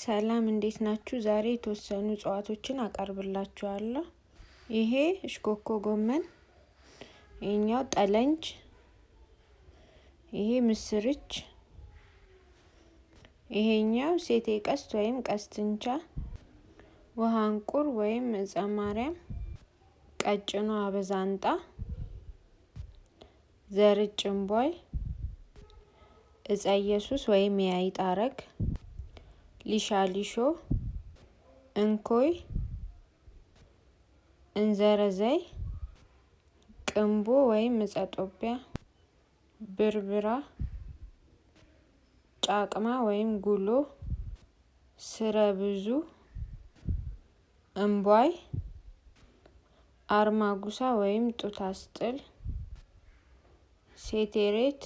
ሰላም እንዴት ናችሁ? ዛሬ የተወሰኑ እጽዋቶችን አቀርብላችኋለሁ። ይሄ እሽኮኮ ጎመን፣ ይኛው ጠለንጅ፣ ይሄ ምስርች፣ ይሄኛው ሴቴ ቀስት ወይም ቀስትንቻ፣ ውሃ ወይም እጸ ማርያም፣ ቀጭኗ አበዛንጣ፣ ዘርጭንቧይ፣ እምቧይ፣ እጸ ኢየሱስ ወይም የአይጣረግ ሊሻሊሾ፣ እንኮይ፣ እንዘረዘይ፣ ቅንቦ ወይም እፀ ጦቢያ፣ ብርብራ፣ ጫቅማ ወይም ጉሎ፣ ስረ ብዙ፣ እምቧይ፣ አርማጉሳ ወይም ጡት አስጥል፣ ሴቴሬት